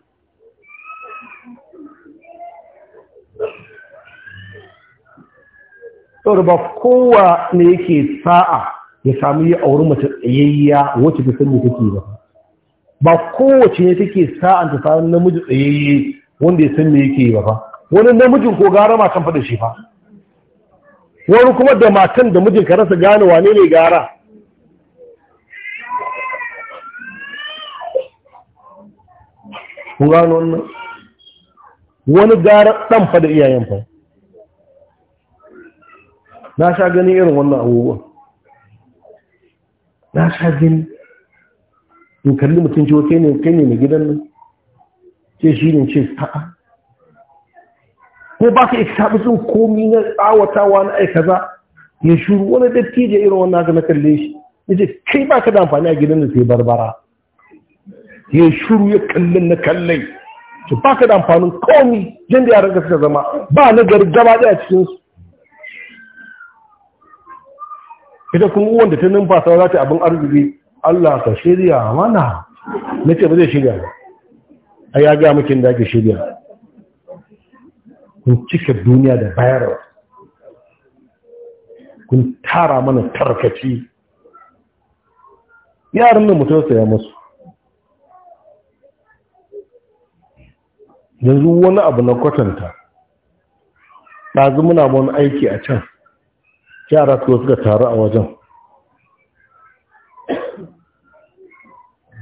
saboda ba kowa ne yake sa'a ya sami a wurin mace tsayayya wacce ta sani take ba ba kowace ne take sa'a ta sami namiji tsayayye wanda ya san me yake yi ba wani namijin ko gara matan fa da shi fa wani kuma da matan da mijin ka rasa gane wane ne gara gano wannan wani gara dan fa da iyayen fa na sha gani irin wannan abubuwan na sha gani in kalli mutum ce kai ne kai ne mai gidan nan ce shi ne ce ta'a. ko ba ka isa sun komi na tsawatawa na aika za ya shuru wani dattijo irin wannan haka na kalle shi ya ce kai ba ka da amfani a gidan da sai barbara ya shuru ya kallon na kallai ce ba ka da amfanin komi jan da yaran da suka zama ba na gari gaba daya cikinsu ita kuma uwan da ta numfasa za ta abin arziki Allah ka shirya mana na ce ba zai shirya ba a ya ga mukin da ake shirya kun cika duniya da bayarwa kun tara mana tarkaci yaran nan mutum saya musu yanzu wani abu na kwatanta ɗazu muna wani aiki a can yara su suka taru a wajen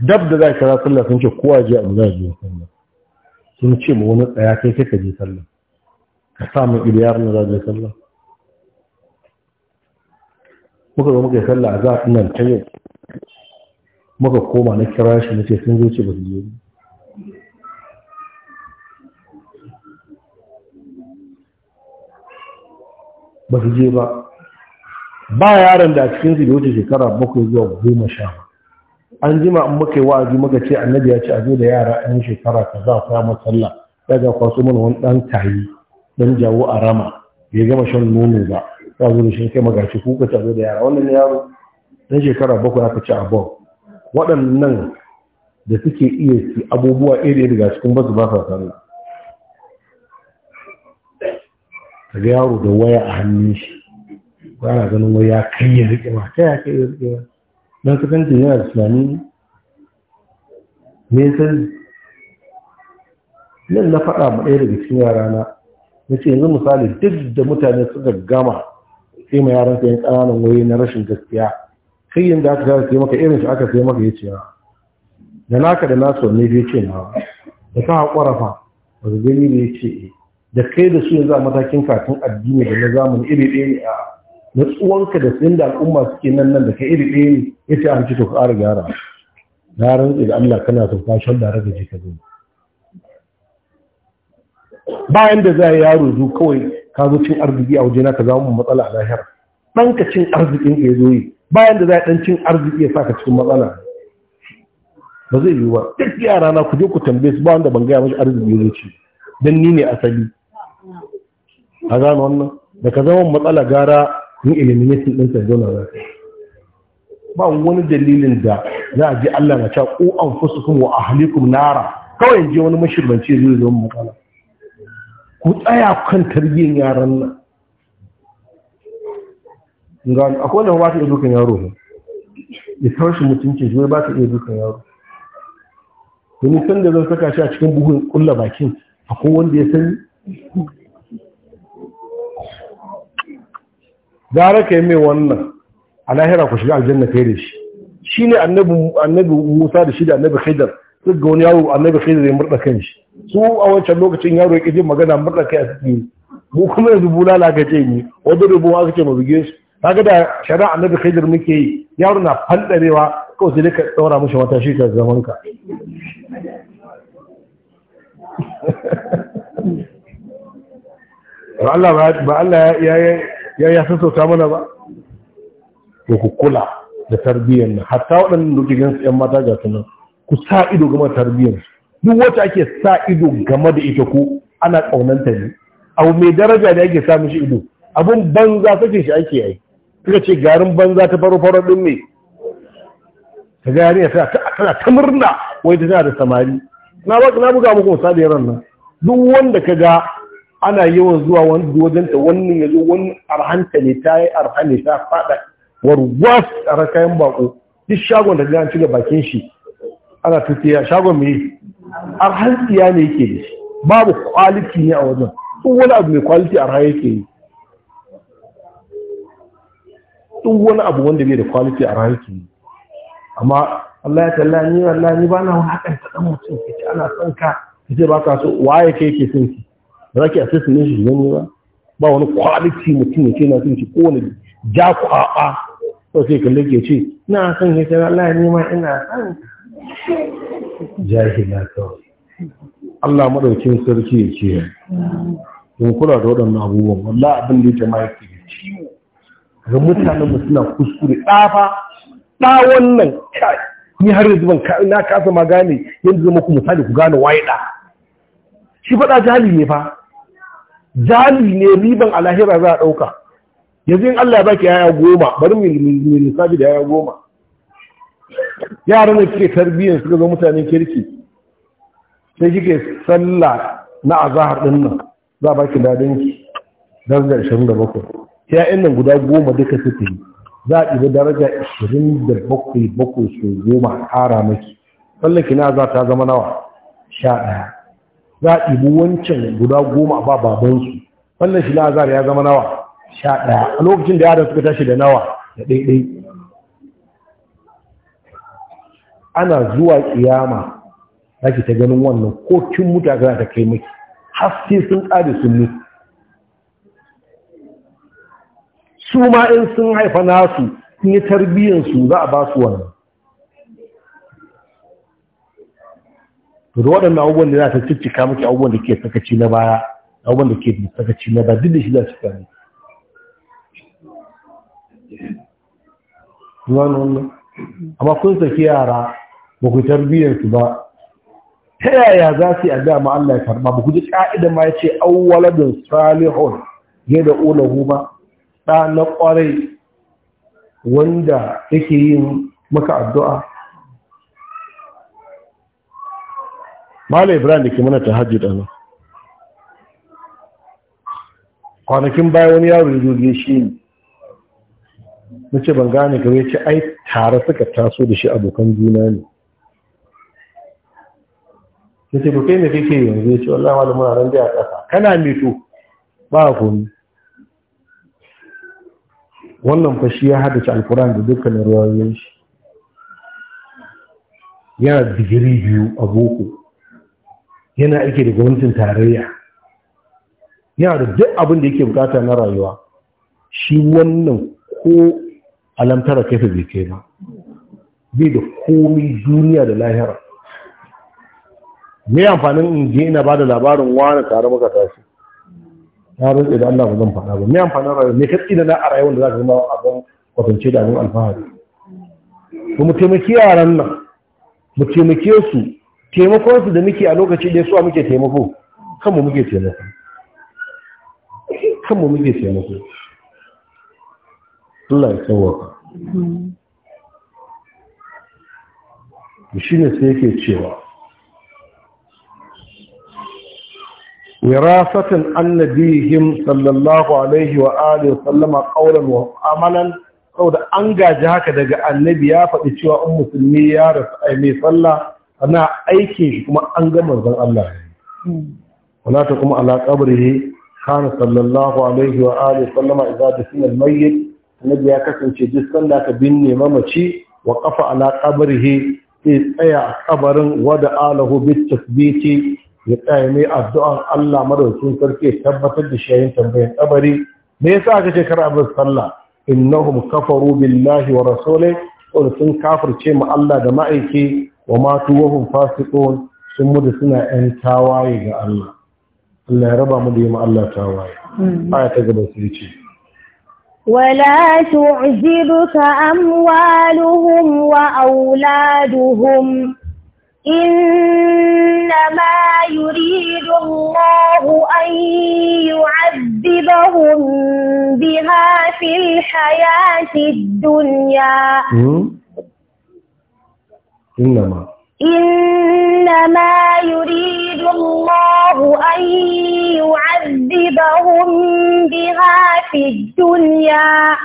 dab da za kira sallah sun ce kowa je a za je sallah sun ce ma wani tsaya kai kai ka je sallah ka sa mu iliyar na za je sallah muka zo muka yi sallah a zafi nan ta yau muka koma na kira shi na ce sun zo ce ba su je ba su je ba ba yaron da a cikin su da wuce shekara bakwai zuwa goma sha an jima in muka yi wa'azi muka ce annabi ya ce a zo da yara ɗan shekara ka za ku yamma sallah ga kwaso mana wani ɗan tayi ɗan jawo a rama bai gama shan nono ba ya zo da shi kai magaci kuka ka zo da yara wannan yaro ɗan shekara bakwai aka ci a bom waɗannan da suke iya su abubuwa iri ga cikin basu ba sa sallah ka ga yaro da waya a hannun shi ana ganin wai ya kai ya riƙe ma ta ya kai ya riƙe ma don kasance yana da tunani me san nan na faɗa ma ɗaya daga cikin yara na na ce yanzu misali duk da mutane suka gama sai ma yaran sa yan ƙananan wai na rashin gaskiya kai yanda aka gasa sai maka irin shi aka sai maka ya ce da naka da naso ne bai ce ma da ka haƙura fa ba gani da ya ce da kai da su yanzu a matakin katin addini da na zamani iri ɗaya ne a tsuwanka da tsayin da al'umma suke nan nan da ka iri ɗaya ne ya ce an ci to ƙara gyara na rantsi da Allah kana son fashon da raga ka zo bayan da za yaro zo kawai ka zo cin arziki a na ka zama matsala a lahira ka cin arzikin ka ya zo yi bayan da za a ɗan cin arziki ya sa ka cikin matsala ba zai yiwu ba duk yara na ku je ku tambaye su ba wanda ban gaya mashi arziki ya zo ci dan ni ne asali a gano wannan da ka zama matsala gara ni elimination ɗinsa ya zauna za ba wani dalilin da za a ji Allah na cewa ko an fusu kuma wa ahlikum nara kawai je wani mashirbanci zai zo matsala ku tsaya kan tarbiyyar yaran nan ga akwai wanda ba ta iya dukan yaro ne ya tashi mutuncin shi ba ta iya dukan yaro domin san da zan saka shi a cikin buhun kulla bakin akwai wanda ya sani gara ka yi mai wannan a lahira ku shiga aljanna kai da shi shi ne annabi musa da shi da annabi haidar duk ga wani yaro annabi haidar ya murɗa kan shi su a wancan lokacin yaro ya ƙi jin magana murɗa kai a suke mu kuma yanzu bula la ce ni wanda rubu aka ce mu buge su kaga da shari'a annabi haidar muke yi yaro na fandarewa kawai sai ka ɗaura mishi wata shi ka zaman ka [LAUGHS] ba Allah ya ya ya sauta mana ba Ya ku kula da tarbiyyar nan hatta waɗannan dukkan yan mata ga suna ku sa ido game da tarbiyyar duk wacce ake sa ido game da ita ko ana ƙaunanta ne abu mai daraja da ake sa mishi ido abun banza sake shi ake yi suka ce garin banza ta faro faro din ne ta ga yarinya tana ta murna wai ta tana da samari na buga muku misali yaran nan duk wanda ka ga ana yawan zuwa wani wajen ta wannan yanzu zo wani arhanta ne ta yi arhane ta fada warwas a kayan bako duk shagon da zai cika bakin shi ana tafiya shagon mai arhantiya ne yake da shi babu kwaliti ne a wajen tun wani abu mai kwaliti arha yake yi tun wani abu wanda bai da kwaliti arha yake yi amma Allah ya talla ni Allah ni ba na wani hakan ta dan mutum kace ana son ka kace ba ka so waye ka yake son ki ba za ki a shi gani ba ba wani quality mutum ya ce na sun ci kowane ja kwaɓa ba sai kalle ke ce Ina san ya ce Allah ne ma ina san jahila kawai Allah madaukin sarki ya ce in kula da waɗannan abubuwan wallahi abin da yake jama'a ke ciwo ga mutanen mu suna kuskure ɗafa ɗa wannan kai ni har yanzu ban na kasa ma gane yanzu zama ku misali ku gane waye ɗa shi faɗa jahili ne fa jali ne riban a za a ɗauka yanzu in Allah ya baki yaya goma bari mu lissafi da yaya goma yaran da kike tarbiyyar suka zo mutane kirki sai kike sallah na azahar din nan za a baki dadin ki daraja 27 ya'yan nan guda goma duka suke za a ɗiba daraja 27 bakwai su goma ƙara maki sallah kina za ta zama nawa 11 za a ɗibi wancan guda goma ba babansu wannan shi la'azar ya zama nawa sha ɗaya a lokacin da yaran suka tashi da nawa da ɗaiɗai ana zuwa ƙiyama za ki ta ganin wannan ko kin muta aka ta kai maki haske sun ƙare sun ne su ma in sun haifa nasu sun yi tarbiyyansu za a ba su wannan to da waɗannan abubuwan da za ta ciccika miki abubuwan da ke sakaci na baya abubuwan da ke sakaci na baya duk da shi za su kare wannan, amma kun saki yara ba ku tarbiyyarsu ba, ta yaya za su yi addu'a ma Allah ya karɓa ba ku ji ƙa'idan ma ya ce awwaladun salihun ya da ulahu ba, ɗa na ƙwarai wanda yake yin maka addu'a malam ibrahim da ke mana ta hajji nan. kwanakin baya wani yaro ya shi ne na ce ban gane ka ce ai tare suka taso da shi abokan juna ne na ce kai ne kake yanzu ya ce wallah malam muna ran biya ƙasa kana mito ba komi wannan fashi ya haddace alfuran da dukkanin ruwayoyin shi yana digiri biyu a boko yana ake da gwamnatin tarayya yana da duk abin da yake bukata na rayuwa shi wannan ko alamtara ta bai kai ba bai da komi duniya da lahira me amfanin in je ina bada labarin wani tare maka tashi na rantsa da Allah ba zan faɗa ba me amfanin rayuwa me katsi da na a rayuwar da za ka zama abin kwatance da abin alfahari ba mu taimaki yaran nan mu taimake su taimakonsu da muke a lokaci ɗaya suwa muke taimako kanmu muke taimako kanmu muke taimako Allah ya tsawaka shi ne sai yake cewa wirasatan annabihim sallallahu alaihi wa alihi sallama qawlan wa amalan saboda an gaji haka daga annabi ya faɗi cewa 'un musulmi ya rasu ai mai sallah ana aikin shi kuma an ga manzon Allah wala ta kuma ala qabrihi kana sallallahu alaihi wa alihi sallama idza dafina al annabi ya kasance duk sanda ka binne mamaci wa qafa ala qabrihi sai tsaya a kabarin wada alahu bit tasbiti ya tsaya mai addu'an Allah madaukin sarki tabbatar da shayin tambayan kabari me yasa aka ce kar abin sallah innahum kafaru billahi wa rasulihi sun kafirce mu Allah da ma'aiki wa matu wahum sun mutu suna yan tawaye ga Allah Allah ya raba mu da ma Allah tawaye aya ta gaba sai ce ولا تعجبك أموالهم وأولادهم إنما يريد الله أن يعذبهم بها في الحياة الدنيا إنما إنما يريد الله أن يعذبهم بها في الدنيا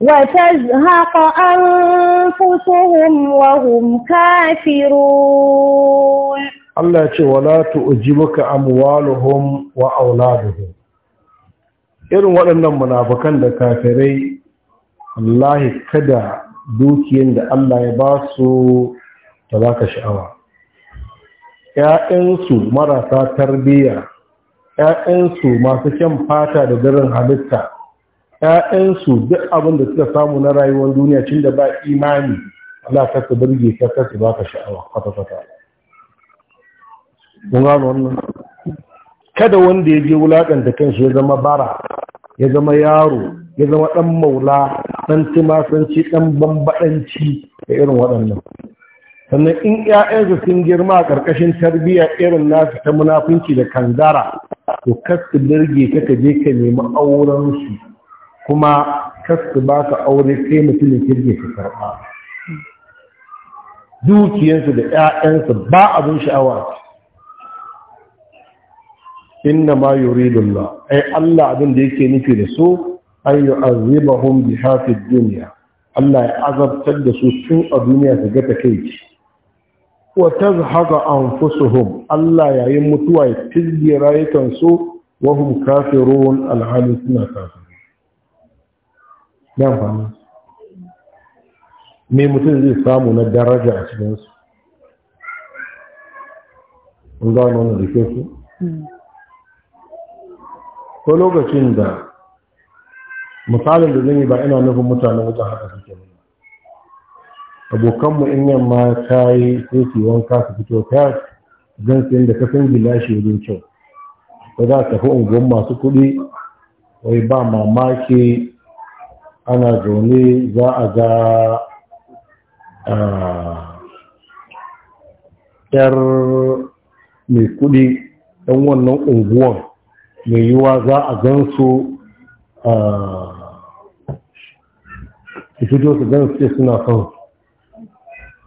وتزهق أنفسهم وهم كافرون الله يقول ولا تؤجبك أموالهم وأولادهم irin ولن منافقا da الله كدع دوكين الله da ta ba ka sha'awa ‘ya'yansu marasa tarbiyya ‘ya'yansu masu kyan fata da darin halitta ‘ya'yansu duk abin da suka samu na rayuwar duniya cin da ba imani ala ka su birge ta ta su ba ka sha'awa kwata-kwata mun gano wannan kada wanda ya je wulaƙanta kanshi ya zama bara ya zama yaro ya zama ɗan maula ɗan timasanci ɗan bambaɗanci da irin waɗannan sannan in ƴaƴansu sun girma a ƙarƙashin tarbiyya irin nasu ta munafunci da kanzara to kasu birge ka ka je ka nemi auren su kuma kasu ba ka aure sai mutumin kirge ka karɓa dukiyarsu da 'ya'yansu ba abin sha'awa inna ma yuridullah ai Allah abin da yake nufi da su an yu'azzibahum bi hafi dunya Allah ya azabtar da su tun a duniya su ga takeici wa su anfusuhum Allah yayin mutuwa ya fizge rayukansu wa kafin ruwan alhali suna kafiri me mutum zai samu na daraja a cikinsu. su an mu nuna da su ko lokacin da misalin da zai ba ina nufin mutane wata haka suke ne abokanmu in yamma ta yi sai wanka su fito ta zan sayan da kasan gilashi wajen kyau ba za tafi unguwan masu kuɗi wai ba mamaki ana zaune za a ga yar mai kuɗi ɗan wannan unguwan mai yiwa za a gan su a fito su gan su suna son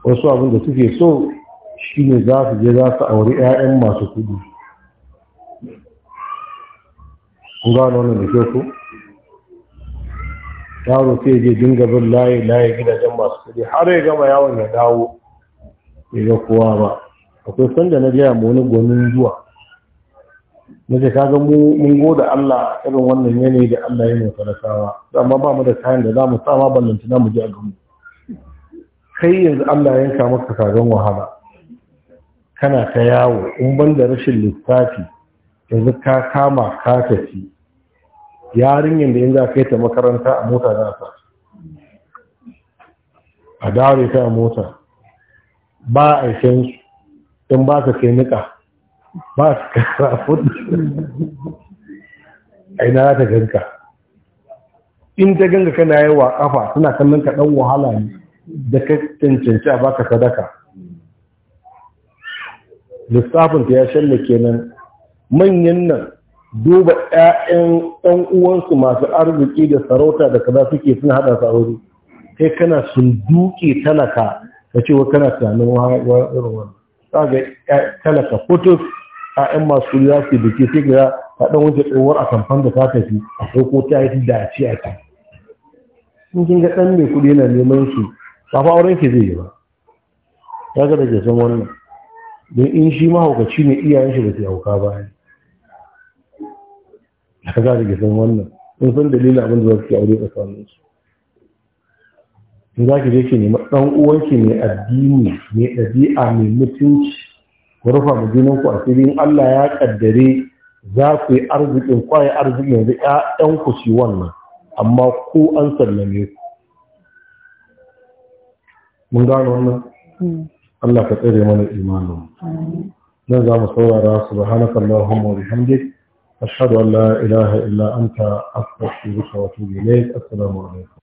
wasu abin da suke so shi ne za su je za su auri 'ya'yan masu kudi kun gano wannan da ke ku yaro sai je dinga bin layi layi gidajen masu kudi har ya gama yawon ya dawo ya ga kowa ba akwai sanda na gaya mu wani gwanin zuwa na ce kaga mu mun goda Allah irin wannan yanayi da Allah ya mai talakawa amma ba mu da kayan da za mu sama ballantana mu je a gamu kai yanzu Allah yanka maka kagan wahala kana ta yawo in ban da rashin lissafi yanzu ka kama ka tafi yarinyar da yanzu za kai ta makaranta a mota za ta a dare ta a mota ba a aikin su in ba ka kai nika ba su kara [LAUGHS] a ina ta ganka in ta ganka kana yawa kafa suna kallon ka dan wahala ne da ka cancanci a baka sadaka lissafinta ya shalle kenan manyan nan duba 'ya'yan ɗan uwansu masu arziki da sarauta da kaza suke sun hada sauri, kai kana sun duke talaka ka ce wa kana tunanin wa irin wani ga talaka a 'yan masu ya su da ke sai ga ta ɗan wuce tsohuwar a kamfan da ta tafi a ko ta yi dace a ci kin ga ɗan mai kuɗi yana neman su ba auren ki zai yi ba ya ga da ke san wannan don in shi mahaukaci ne iyayen shi ba ke hauka ba ya ga da ke san wannan in san dalilin abin da za su ke aure tsakanin su in za ki je ki nemi ɗan uwanki mai addini mai ɗabi'a mai mutunci ku rufa mu junan ku Allah ya kaddare za ku yi arzikin kwaye arzikin yanzu ƴaƴan ku shi wannan amma ko an sallame ku mun gano wannan Allah ka tsare mana imanin nan za mu saurara subhanaka allahumma wa bihamdik ashhadu an la ilaha illa anta astaghfiruka wa atubu ilayk assalamu alaikum